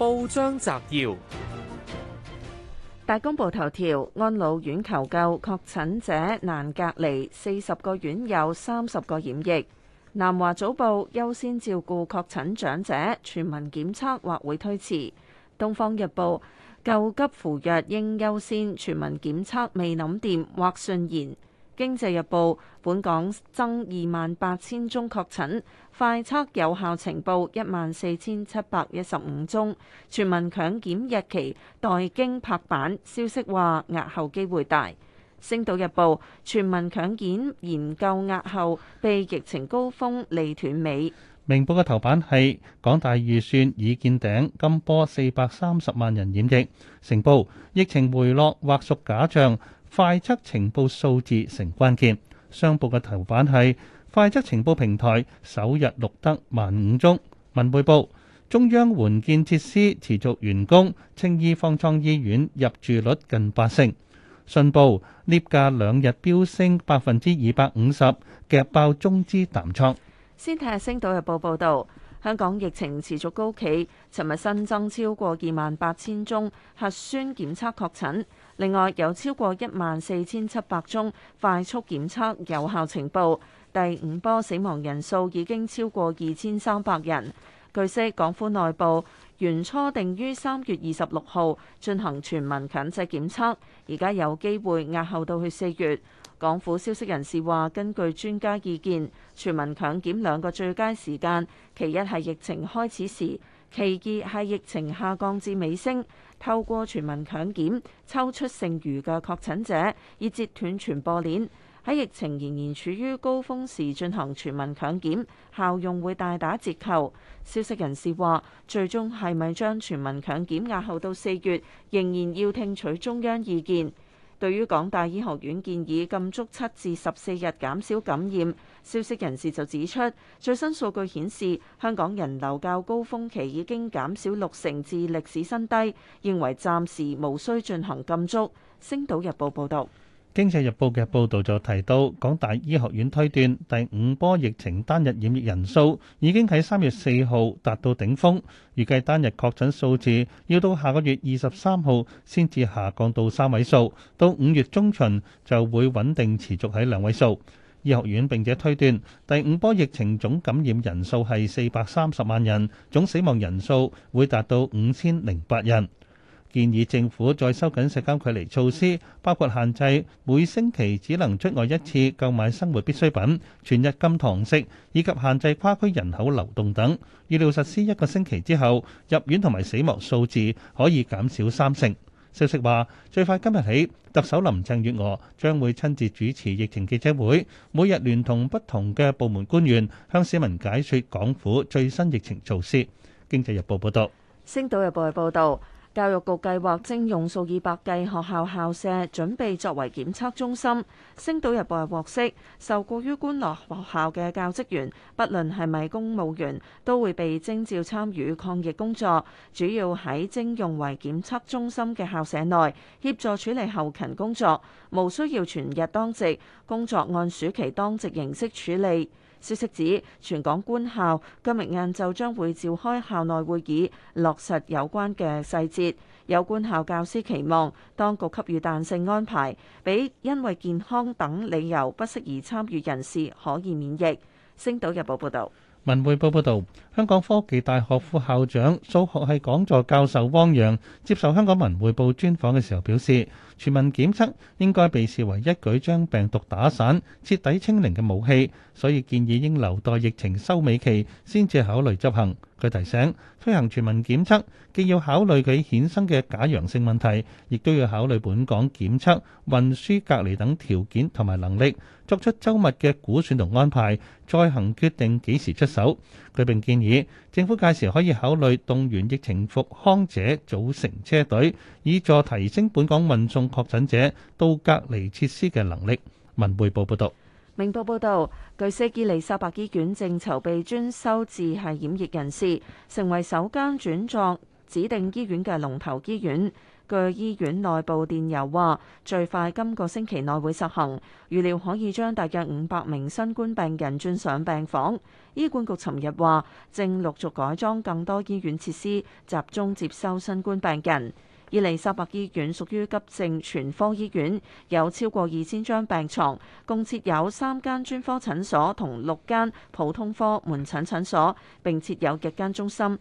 報章摘要：大公報頭條，安老院求救，確診者難隔離，四十個院有三十個染疫。南華早報，優先照顧確診長者，全民檢測或會推遲。東方日報，救急扶弱應優先，全民檢測未諗掂或順延。經濟日報：本港增二萬八千宗確診，快測有效情報一萬四千七百一十五宗。全民強檢日期待經拍板，消息話壓後機會大。星島日報：全民強檢研究壓後，被疫情高峰利斷尾。明報嘅頭版係港大預算已見頂，今波四百三十萬人染疫。成報：疫情回落或屬假象。快測情報數字成關鍵，商報嘅頭版係快測情報平台首日錄得萬五宗。文匯報，中央援建設施持續完工，青衣方艙醫院入住率近八成。信報，跌價兩日飆升百分之二百五十，夾爆中資淡倉。先睇下《星島日報》報導，香港疫情持續高企，尋日新增超過二萬八千宗核酸檢測確診。另外有超過一萬四千七百宗快速檢測有效情報，第五波死亡人數已經超過二千三百人。據悉，港府內部原初定於三月二十六號進行全民強制檢測，而家有機會押後到去四月。港府消息人士話，根據專家意見，全民強檢兩個最佳時間，其一係疫情開始時。其二係疫情下降至尾聲，透過全民強檢抽出剩餘嘅確診者，以截斷傳播鏈。喺疫情仍然處於高峰時進行全民強檢，效用會大打折扣。消息人士話，最終係咪將全民強檢押後到四月，仍然要聽取中央意見。對於港大醫學院建議禁足七至十四日減少感染，消息人士就指出，最新數據顯示，香港人流較高峰期已經減少六成至歷史新低，認為暫時無需進行禁足。星島日報報導。《經濟日報》嘅報導就提到，港大醫學院推斷第五波疫情單日染疫人數已經喺三月四號達到頂峰，預計單日確診數字要到下個月二十三號先至下降到三位數，到五月中旬就會穩定持續喺兩位數。醫學院並且推斷第五波疫情總感染人數係四百三十萬人，總死亡人數會達到五千零八人。建議政府再收緊社交距離措施，包括限制每星期只能出外一次、購買生活必需品、全日禁堂食，以及限制跨區人口流動等。預料實施一個星期之後，入院同埋死亡數字可以減少三成。消息話，最快今日起，特首林鄭月娥將會親自主持疫情記者會，每日聯同不同嘅部門官員向市民解說港府最新疫情措施。經濟日報報導。星島日報嘅報道。教育局計劃徵用數以百計學校校舍，準備作為檢測中心。星島日報又獲悉，受雇於官立學校嘅教職員，不論係咪公務員，都會被徵召參與抗疫工作，主要喺徵用為檢測中心嘅校舍內協助處理後勤工作，無需要全日當值，工作按暑期當值形式處理。消息指，全港官校今日晏晝將會召開校內會議，落實有關嘅細節。有官校教師期望，當局給予彈性安排，俾因為健康等理由不適宜參與人士可以免疫。星島日報報道。文匯報報道，香港科技大學副校長、數學系講座教授汪洋接受香港文匯報專訪嘅時候表示，全民檢測應該被視為一舉將病毒打散、徹底清零嘅武器，所以建議應留待疫情收尾期先至考慮執行。佢提醒，推行全民檢測，既要考慮佢衍生嘅假陽性問題，亦都要考慮本港檢測、運輸、隔離等條件同埋能力，作出周密嘅估算同安排，再行決定幾時出手。佢並建議政府屆時可以考慮動員疫情復康者組成車隊，以助提升本港運送確診者到隔離設施嘅能力。文匯報報道。明報報導，據悉，伊利沙伯醫院正籌備專收治係染疫人士，成為首間轉作指定醫院嘅龍頭醫院。據醫院內部電郵話，最快今個星期內會實行，預料可以將大約五百名新冠病人轉上病房。醫管局尋日話，正陸續改裝更多醫院設施，集中接收新冠病人。伊利沙伯醫院屬於急症全科醫院，有超過二千張病床，共設有三間專科診所同六間普通科門診診所，並設有日間中心。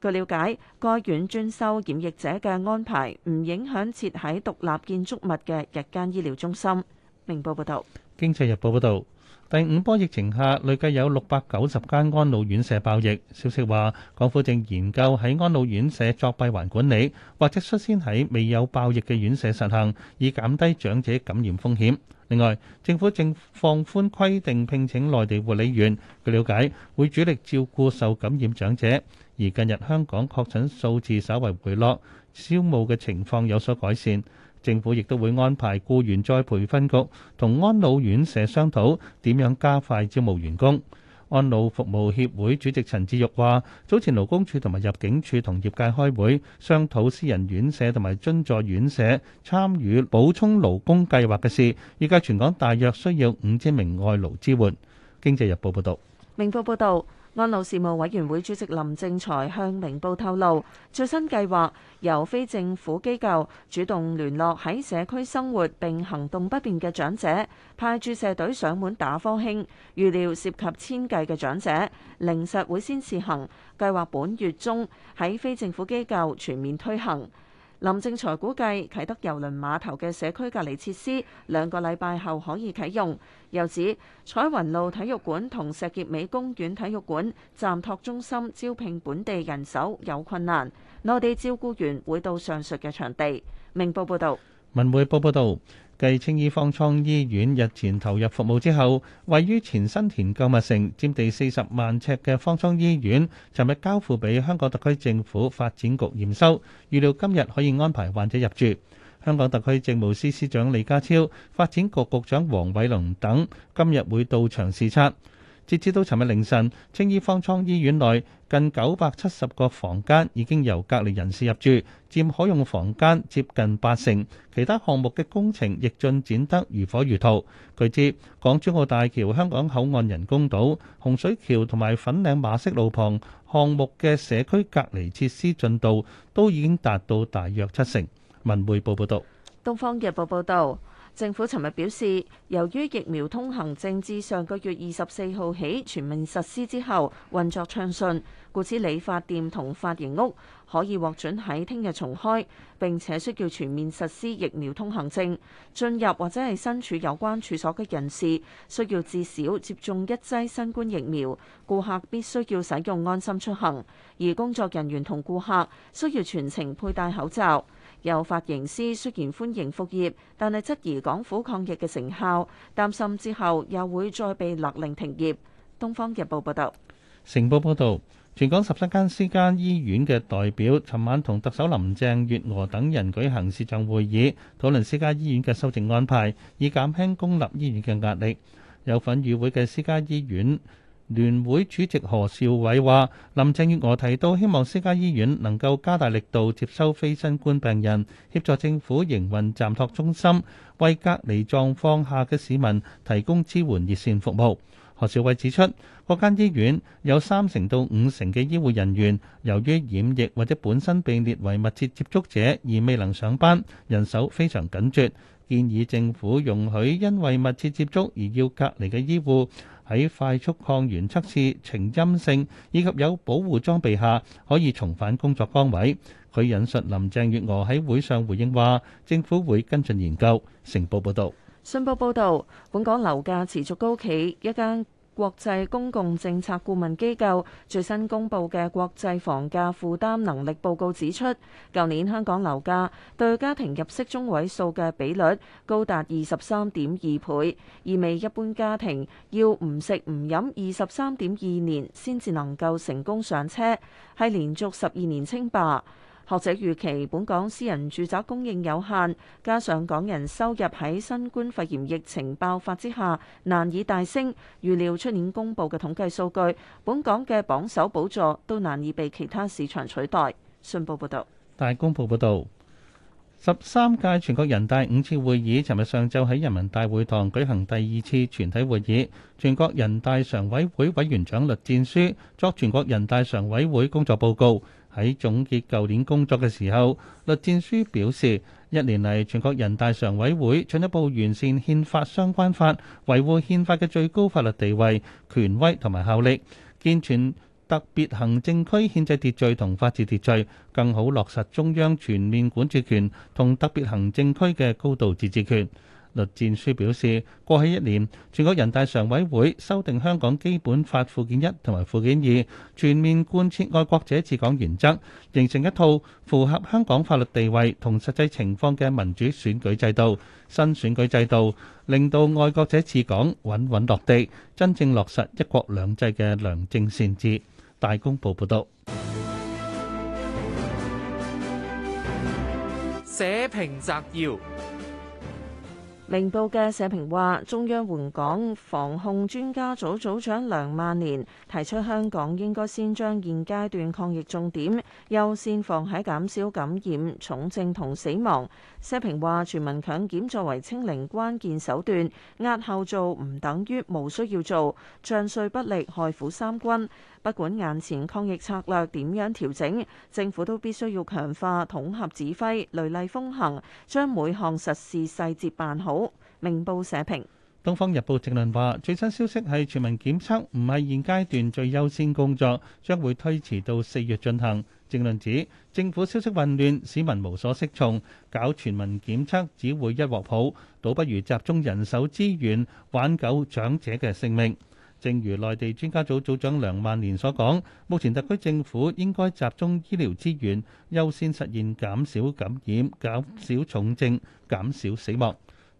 據了解，該院專收檢疫者嘅安排，唔影響設喺獨立建築物嘅日間醫療中心。明報報導。經濟日報報導。第五波疫情下，累計有六百九十間安老院舍爆疫。消息話港府正研究喺安老院舍作閉環管理，或者率先喺未有爆疫嘅院舍實行，以減低長者感染風險。另外，政府正放寬規定，聘請內地護理員，據了解，會主力照顧受感染長者。而近日香港確診數字稍為回落，消務嘅情況有所改善。政府亦都會安排僱員再培訓局同安老院舍商討點樣加快招募員工。安老服務協會主席陳志玉話，早前勞工處同埋入境處同業界開會，商討私人院舍同埋津助院舍參與補充勞工計劃嘅事。而家全港大約需要五千名外勞支援。經濟日報報道，明報報道。安老事務委員會主席林正財向明報透露，最新計劃由非政府機構主動聯絡喺社區生活並行動不便嘅長者，派注射隊上門打科興。預料涉及千計嘅長者，零實會先試行，計劃本月中喺非政府機構全面推行。林正財估計啟德郵輪碼頭嘅社區隔離設施兩個禮拜後可以啟用，又指彩雲路體育館同石硤尾公園體育館暫託中心招聘本地人手有困難，內地照顧員會到上述嘅場地。明報報道，文匯報報道。繼青衣方艙醫院日前投入服務之後，位於前新田購物城、佔地四十萬尺嘅方艙醫院，尋日交付俾香港特區政府發展局驗收，預料今日可以安排患者入住。香港特區政務司司長李家超、發展局局長黃偉龍等今日會到場視察。截至到尋日凌晨，青衣方艙醫院內近九百七十個房間已經由隔離人士入住，佔可用房間接近八成。其他項目嘅工程亦進展得如火如荼。據知，港珠澳大橋、香港口岸人工島、洪水橋同埋粉嶺馬適路旁項目嘅社區隔離設施進度都已經達到大約七成。文匯報報道。東方日報報道。政府尋日表示，由於疫苗通行證自上個月二十四號起全面實施之後，運作暢順，故此理髮店同髮型屋可以獲准喺聽日重開。並且需要全面實施疫苗通行證，進入或者係身處有關處所嘅人士，需要至少接種一劑新冠疫苗。顧客必須要使用安心出行，而工作人員同顧客需要全程佩戴口罩。有髮型師雖然歡迎復業，但係質疑港府抗疫嘅成效，擔心之後又會再被勒令停業。《東方日報》報導，《成報》報導，全港十七間私家醫院嘅代表，尋晚同特首林鄭月娥等人舉行視像會議，討論私家醫院嘅修正安排，以減輕公立醫院嘅壓力。有份與會嘅私家醫院聯會主席何兆煒話：林鄭月娥提到希望私家醫院能夠加大力度接收非新冠病人，協助政府營運暫托中心，為隔離狀況下嘅市民提供支援熱線服務。何兆煒指出，各間醫院有三成到五成嘅醫護人員由於染疫或者本身被列為密切接觸者而未能上班，人手非常緊缺，建議政府容許因為密切接觸而要隔離嘅醫護。喺快速抗原測試呈陰性，以及有保護裝備下，可以重返工作崗位。佢引述林鄭月娥喺會上回應話，政府會跟進研究。成報報道，信報報道：「本港樓價持續高企，一間國際公共政策顧問機構最新公佈嘅國際房價負擔能力報告指出，舊年香港樓價對家庭入息中位數嘅比率高達二十三點二倍，意味一般家庭要唔食唔飲二十三點二年先至能夠成功上車，係連續十二年稱霸。學者預期，本港私人住宅供應有限，加上港人收入喺新冠肺炎疫情爆發之下難以大升，預料出年公佈嘅統計數據，本港嘅榜首寶座都難以被其他市場取代。信報報導，大公報報道：「十三屆全國人大五次會議尋日上晝喺人民大會堂舉行第二次全體會議，全國人大常委會委員長栗戰書作全國人大常委會工作報告。喺總結舊年工作嘅時候，栗戰書表示，一年嚟全國人大常委會進一步完善憲法相關法，維護憲法嘅最高法律地位、權威同埋效力，健全特別行政區憲制秩序同法治秩序，更好落實中央全面管治權同特別行政區嘅高度自治權。律戰書表示，過去一年，全國人大常委會修訂香港基本法附件一同埋附件二，全面貫徹愛國者治港原則，形成一套符合香港法律地位同實際情況嘅民主選舉制度。新選舉制度令到愛國者治港穩穩落地，真正落實一國兩制嘅良政善治。大公報報道，社評摘要。明報嘅社評話，中央援港防控專家組組長梁萬年提出，香港應該先將現階段抗疫重點優先放喺減少感染、重症同死亡。社評話，全民強檢作為清零關鍵手段，押後做唔等於無需要做，將帥不力害苦三軍。不管眼前抗疫策略點樣調整，政府都必須要強化統合指揮、雷厲風行，將每項實事細節辦好。明報社評。《東方日報》正論話：最新消息係全民檢測唔係現階段最優先工作，將會推遲到四月進行。正論指政府消息混亂，市民無所適從，搞全民檢測只會一鑊泡，倒不如集中人手資源挽救長者嘅性命。正如內地專家組組長梁萬年所講，目前特區政府應該集中醫療資源，優先實現減少感染、減少重症、減少死亡。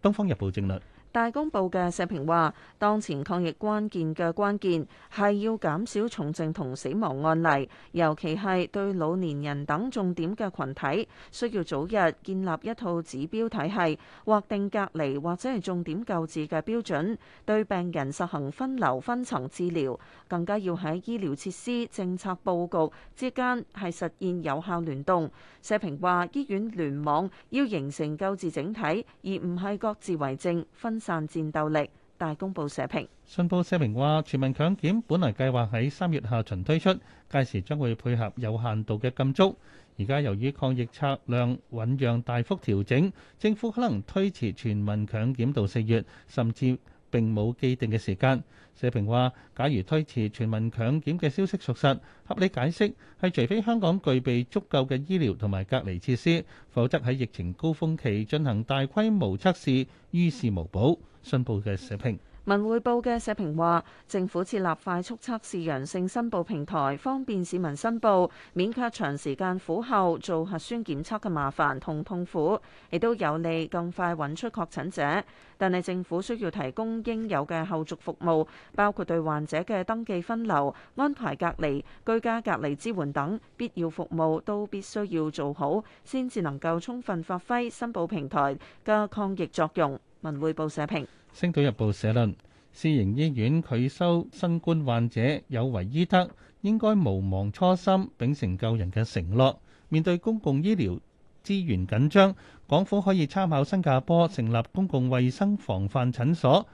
《東方日報》正論。大公報嘅社評話：當前抗疫關鍵嘅關鍵係要減少重症同死亡案例，尤其係對老年人等重點嘅群體，需要早日建立一套指標體系，劃定隔離或者係重點救治嘅標準，對病人實行分流分層治療。更加要喺醫療設施、政策佈局之間係實現有效聯動。社評話：醫院聯網要形成救治整體，而唔係各自為政分散戰鬥力，大公報社評。信報社評話，全民強檢本嚟計劃喺三月下旬推出，屆時將會配合有限度嘅禁足。而家由於抗疫策略醞釀大幅調整，政府可能推遲全民強檢到四月，甚至並冇既定嘅時間。社評話：假如推遲全民強檢嘅消息屬實，合理解釋係除非香港具備足夠嘅醫療同埋隔離設施，否則喺疫情高峰期進行大規模測試，於事無補。信報嘅社評。文匯報嘅社評話，政府設立快速測試陽性申報平台，方便市民申報，免卻長時間苦候做核酸檢測嘅麻煩同痛苦，亦都有利更快揾出確診者。但係政府需要提供應有嘅後續服務，包括對患者嘅登記分流、安排隔離、居家隔離支援等必要服務，都必須要做好，先至能夠充分發揮申報平台嘅抗疫作用。文匯報社評。《星島日報》社論：私營醫院拒收新冠患者有違醫德，應該無忘初心，秉承救人嘅承諾。面對公共醫療資源緊張，港府可以參考新加坡成立公共衛生防範診所。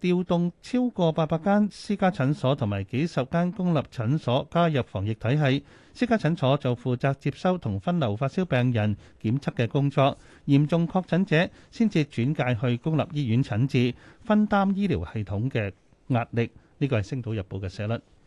調動超過八百間私家診所同埋幾十間公立診所加入防疫體系，私家診所就負責接收同分流發燒病人檢測嘅工作，嚴重確診者先至轉介去公立醫院診治，分擔醫療系統嘅壓力。呢個係星島日報嘅社論。